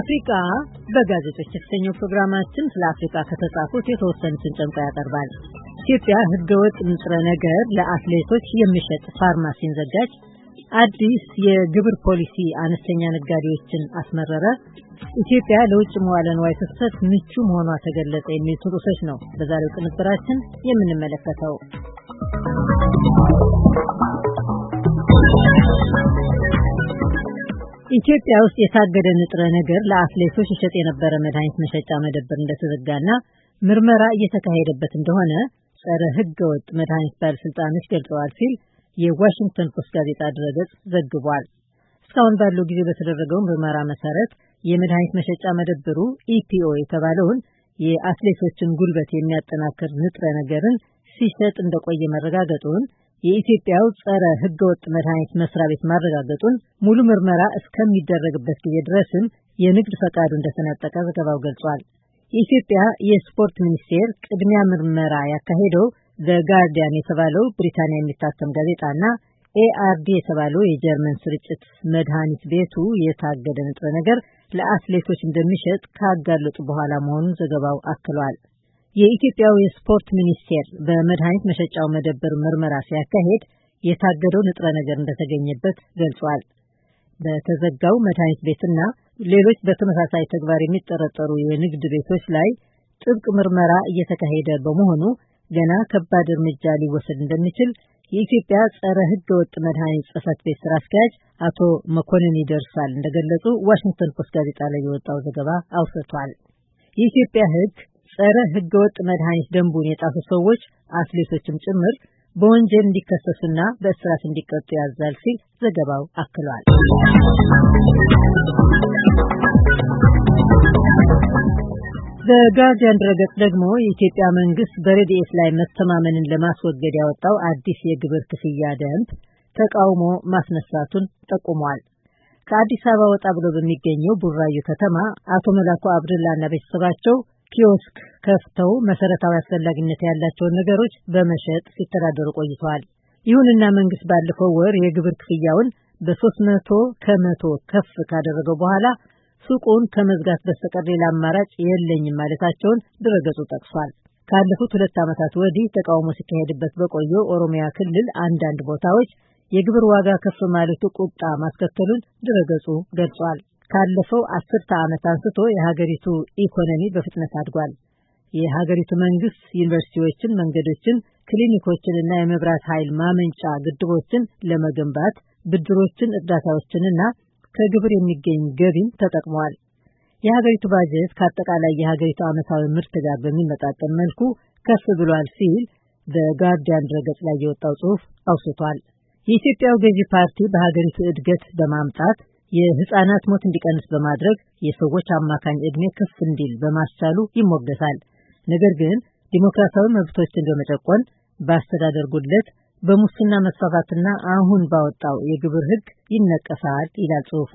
አፍሪካ በጋዜጦች የተሰኘው ፕሮግራማችን ስለ አፍሪካ ከተጻፉት የተወሰኑትን ጨምቆ ያቀርባል። ኢትዮጵያ ህገወጥ ንጥረ ነገር ለአትሌቶች የሚሸጥ ፋርማሲን ዘጋች፣ አዲስ የግብር ፖሊሲ አነስተኛ ነጋዴዎችን አስመረረ፣ ኢትዮጵያ ለውጭ መዋለ ንዋይ ፍሰት ምቹ መሆኗ ተገለጸ የሚሉት ርዕሶች ነው በዛሬው ቅንብራችን የምንመለከተው። ኢትዮጵያ ውስጥ የታገደ ንጥረ ነገር ለአትሌቶች ይሸጥ የነበረ መድኃኒት መሸጫ መደብር እንደተዘጋና ምርመራ እየተካሄደበት እንደሆነ ጸረ ሕገ ወጥ መድኃኒት ባለስልጣኖች ገልጸዋል ሲል የዋሽንግተን ፖስት ጋዜጣ ድረገጽ ዘግቧል። እስካሁን ባለው ጊዜ በተደረገው ምርመራ መሰረት የመድኃኒት መሸጫ መደብሩ ኢፒኦ የተባለውን የአትሌቶችን ጉልበት የሚያጠናክር ንጥረ ነገርን ሲሸጥ እንደቆየ መረጋገጡን የኢትዮጵያው ጸረ ህገወጥ መድኃኒት መስሪያ ቤት ማረጋገጡን ሙሉ ምርመራ እስከሚደረግበት ጊዜ ድረስም የንግድ ፈቃዱ እንደተነጠቀ ዘገባው ገልጿል። የኢትዮጵያ የስፖርት ሚኒስቴር ቅድሚያ ምርመራ ያካሄደው ዘ ጋርዲያን የተባለው ብሪታንያ የሚታተም ጋዜጣና ኤአርዲ የተባለው የጀርመን ስርጭት መድኃኒት ቤቱ የታገደ ንጥረ ነገር ለአትሌቶች እንደሚሸጥ ካጋለጡ በኋላ መሆኑን ዘገባው አክሏል። የኢትዮጵያው የስፖርት ሚኒስቴር በመድኃኒት መሸጫው መደብር ምርመራ ሲያካሂድ የታገደው ንጥረ ነገር እንደተገኘበት ገልጿል። በተዘጋው መድኃኒት ቤትና ሌሎች በተመሳሳይ ተግባር የሚጠረጠሩ የንግድ ቤቶች ላይ ጥብቅ ምርመራ እየተካሄደ በመሆኑ ገና ከባድ እርምጃ ሊወሰድ እንደሚችል የኢትዮጵያ ጸረ ሕገ ወጥ መድኃኒት ጽህፈት ቤት ስራ አስኪያጅ አቶ መኮንን ይደርሳል እንደገለጹ ዋሽንግተን ፖስት ጋዜጣ ላይ የወጣው ዘገባ አውስቷል። የኢትዮጵያ ሕግ ጸረ ህገወጥ መድኃኒት ደንቡን የጣፉ ሰዎች አትሌቶችም ጭምር በወንጀል እንዲከሰሱና በእስራት እንዲቀጡ ያዛል ሲል ዘገባው አክሏል። በጋርዲያን ድረገጽ ደግሞ የኢትዮጵያ መንግስት በረድኤት ላይ መተማመንን ለማስወገድ ያወጣው አዲስ የግብር ክፍያ ደንብ ተቃውሞ ማስነሳቱን ጠቁሟል። ከአዲስ አበባ ወጣ ብሎ በሚገኘው ቡራዩ ከተማ አቶ መላኩ አብድላና ቤተሰባቸው ኪዮስክ ከፍተው መሰረታዊ አስፈላጊነት ያላቸውን ነገሮች በመሸጥ ሲተዳደሩ ቆይተዋል። ይሁንና መንግስት ባለፈው ወር የግብር ክፍያውን በ መቶ ከመቶ ከፍ ካደረገው በኋላ ሱቁን ከመዝጋት በስተቀር ሌላ አማራጭ የለኝም ማለታቸውን ድረገጹ ጠቅሷል። ካለፉት ሁለት ዓመታት ወዲህ ተቃውሞ ሲካሄድበት በቆየ ኦሮሚያ ክልል አንዳንድ ቦታዎች የግብር ዋጋ ከፍ ማለቱ ቁጣ ማስከተሉን ድረገጹ ገልጿል። ካለፈው አስርተ ዓመት አንስቶ የሀገሪቱ ኢኮኖሚ በፍጥነት አድጓል። የሀገሪቱ መንግስት ዩኒቨርሲቲዎችን፣ መንገዶችን፣ ክሊኒኮችንና የመብራት ኃይል ማመንጫ ግድቦችን ለመገንባት ብድሮችን፣ እርዳታዎችንና ከግብር የሚገኝ ገቢን ተጠቅመዋል። የሀገሪቱ ባጀት ከአጠቃላይ የሀገሪቱ ዓመታዊ ምርት ጋር በሚመጣጠን መልኩ ከፍ ብሏል ሲል በጋርዲያን ድረገጽ ላይ የወጣው ጽሑፍ አውስቷል። የኢትዮጵያው ገዢ ፓርቲ በሀገሪቱ እድገት በማምጣት የህፃናት ሞት እንዲቀንስ በማድረግ የሰዎች አማካኝ እድሜ ከፍ እንዲል በማስቻሉ ይሞገሳል። ነገር ግን ዲሞክራሲያዊ መብቶችን በመጨቆን በአስተዳደር ጉድለት፣ በሙስና መስፋፋትና አሁን ባወጣው የግብር ህግ ይነቀሳል ይላል ጽሁፉ።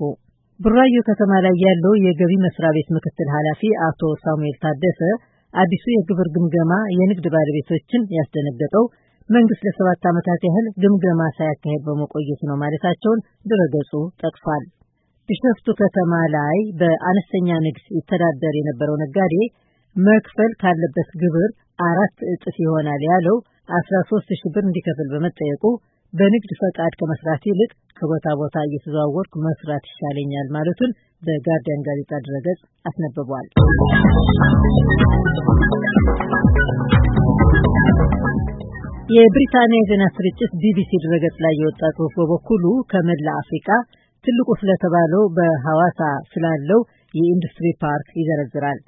ቡራዮ ከተማ ላይ ያለው የገቢ መስሪያ ቤት ምክትል ኃላፊ አቶ ሳሙኤል ታደሰ አዲሱ የግብር ግምገማ የንግድ ባለቤቶችን ያስደነገጠው መንግስት ለሰባት ዓመታት ያህል ግምገማ ሳያካሄድ በመቆየቱ ነው ማለታቸውን ድረገጹ ጠቅሷል። ቢሸፍቱ ከተማ ላይ በአነስተኛ ንግድ ይተዳደር የነበረው ነጋዴ መክፈል ካለበት ግብር አራት እጥፍ ይሆናል ያለው 13 ሺህ ብር እንዲከፍል በመጠየቁ በንግድ ፈቃድ ከመስራት ይልቅ ከቦታ ቦታ እየተዘዋወርኩ መስራት ይሻለኛል ማለቱን በጋርዲያን ጋዜጣ ድረገጽ አስነብቧል። የብሪታንያ የዜና ስርጭት ቢቢሲ ድረገጽ ላይ የወጣ ጽሁፍ በበኩሉ ከመላ አፍሪካ ትልቁ ስለተባለው በሐዋሳ ስላለው የኢንዱስትሪ ፓርክ ይዘረዝራል።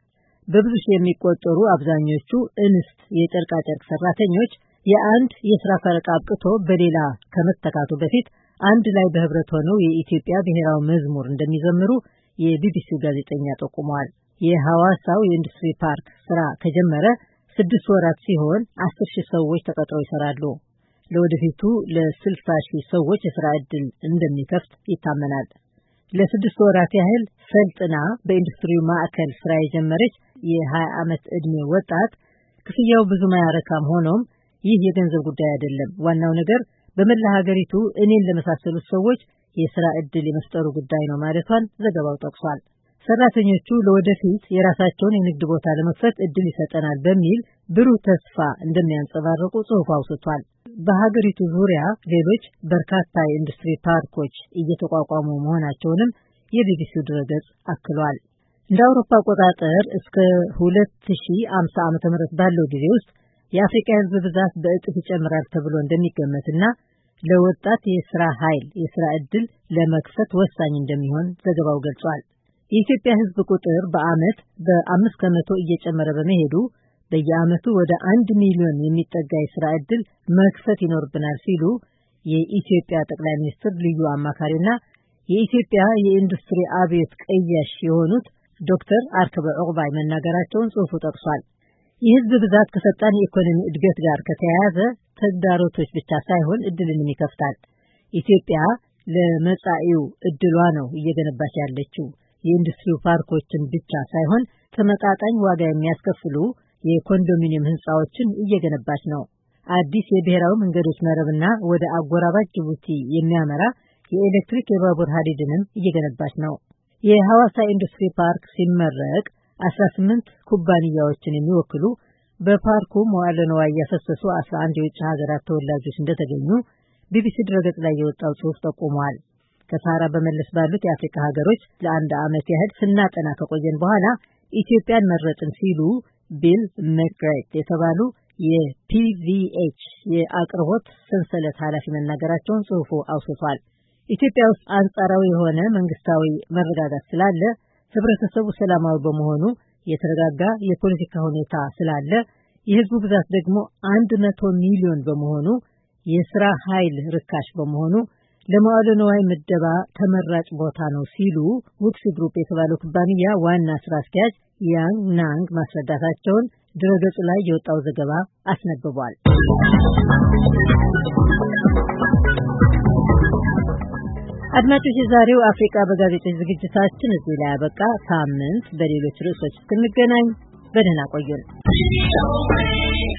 በብዙ ሺህ የሚቆጠሩ አብዛኞቹ እንስት የጨርቃጨርቅ ሰራተኞች የአንድ የስራ ፈረቃ አብቅቶ በሌላ ከመተካቱ በፊት አንድ ላይ በህብረት ሆነው የኢትዮጵያ ብሔራዊ መዝሙር እንደሚዘምሩ የቢቢሲው ጋዜጠኛ ጠቁመዋል። የሐዋሳው የኢንዱስትሪ ፓርክ ስራ ከጀመረ ስድስት ወራት ሲሆን አስር ሺህ ሰዎች ተቀጥረው ይሰራሉ። ለወደፊቱ ለስልሳ ሺህ ሰዎች የስራ ዕድል እንደሚከፍት ይታመናል። ለስድስት ወራት ያህል ሰልጥና በኢንዱስትሪው ማዕከል ስራ የጀመረች የሀያ ዓመት ዕድሜ ወጣት ክፍያው ብዙ ማያረካም፣ ሆኖም ይህ የገንዘብ ጉዳይ አይደለም። ዋናው ነገር በመላ ሀገሪቱ እኔን ለመሳሰሉት ሰዎች የስራ ዕድል የመፍጠሩ ጉዳይ ነው ማለቷን ዘገባው ጠቅሷል። ሰራተኞቹ ለወደፊት የራሳቸውን የንግድ ቦታ ለመክፈት እድል ይሰጠናል በሚል ብሩህ ተስፋ እንደሚያንጸባርቁ ጽሑፍ አውስቷል። በሀገሪቱ ዙሪያ ሌሎች በርካታ የኢንዱስትሪ ፓርኮች እየተቋቋሙ መሆናቸውንም የቢቢሲው ድረገጽ አክሏል። እንደ አውሮፓ አቆጣጠር እስከ 2050 ዓ ም ባለው ጊዜ ውስጥ የአፍሪካ ሕዝብ ብዛት በእጥፍ ይጨምራል ተብሎ እንደሚገመትና ለወጣት የስራ ኃይል የስራ እድል ለመክፈት ወሳኝ እንደሚሆን ዘገባው ገልጿል። የኢትዮጵያ ሕዝብ ቁጥር በዓመት በአምስት ከመቶ እየጨመረ በመሄዱ በየዓመቱ ወደ አንድ ሚሊዮን የሚጠጋ የስራ ዕድል መክፈት ይኖርብናል ሲሉ የኢትዮጵያ ጠቅላይ ሚኒስትር ልዩ አማካሪና የኢትዮጵያ የኢንዱስትሪ አብዮት ቀያሽ የሆኑት ዶክተር አርከበ ዕቁባይ መናገራቸውን ጽሑፉ ጠቅሷል። የህዝብ ብዛት ከፈጣን የኢኮኖሚ እድገት ጋር ከተያያዘ ተግዳሮቶች ብቻ ሳይሆን እድልንም ይከፍታል። ኢትዮጵያ ለመጻኢው እድሏ ነው እየገነባች ያለችው የኢንዱስትሪ ፓርኮችን ብቻ ሳይሆን ተመጣጣኝ ዋጋ የሚያስከፍሉ የኮንዶሚኒየም ህንፃዎችን እየገነባች ነው። አዲስ የብሔራዊ መንገዶች መረብና ወደ አጎራባች ጅቡቲ የሚያመራ የኤሌክትሪክ የባቡር ሀዲድንም እየገነባች ነው። የሐዋሳ ኢንዱስትሪ ፓርክ ሲመረቅ 18 ኩባንያዎችን የሚወክሉ በፓርኩ መዋዕለ እያፈሰሱ 11 የውጭ ሀገራት ተወላጆች እንደተገኙ ቢቢሲ ድረገጽ ላይ የወጣው ጽሑፍ ጠቁሟል። ከሳህራ በመለስ ባሉት የአፍሪካ ሀገሮች ለአንድ ዓመት ያህል ስናጠና ከቆየን በኋላ ኢትዮጵያን መረጥን ሲሉ ቢል መክሬት የተባሉ የፒቪኤች የአቅርቦት ሰንሰለት ኃላፊ መናገራቸውን ጽሑፉ አውስቷል። ኢትዮጵያ ውስጥ አንጻራዊ የሆነ መንግስታዊ መረጋጋት ስላለ፣ ህብረተሰቡ ሰላማዊ በመሆኑ የተረጋጋ የፖለቲካ ሁኔታ ስላለ፣ የህዝቡ ብዛት ደግሞ አንድ መቶ ሚሊዮን በመሆኑ የስራ ኃይል ርካሽ በመሆኑ ለመዋለ ንዋይ ምደባ ተመራጭ ቦታ ነው ሲሉ ውክስ ግሩፕ የተባለው ኩባንያ ዋና ስራ አስኪያጅ ያንግ ናንግ ማስረዳታቸውን ድረገጹ ላይ የወጣው ዘገባ አስነብቧል። አድማጮች፣ የዛሬው አፍሪካ በጋዜጦች ዝግጅታችን እዚህ ላይ አበቃ። ሳምንት በሌሎች ርዕሶች እስክንገናኝ በደህና ቆዩን።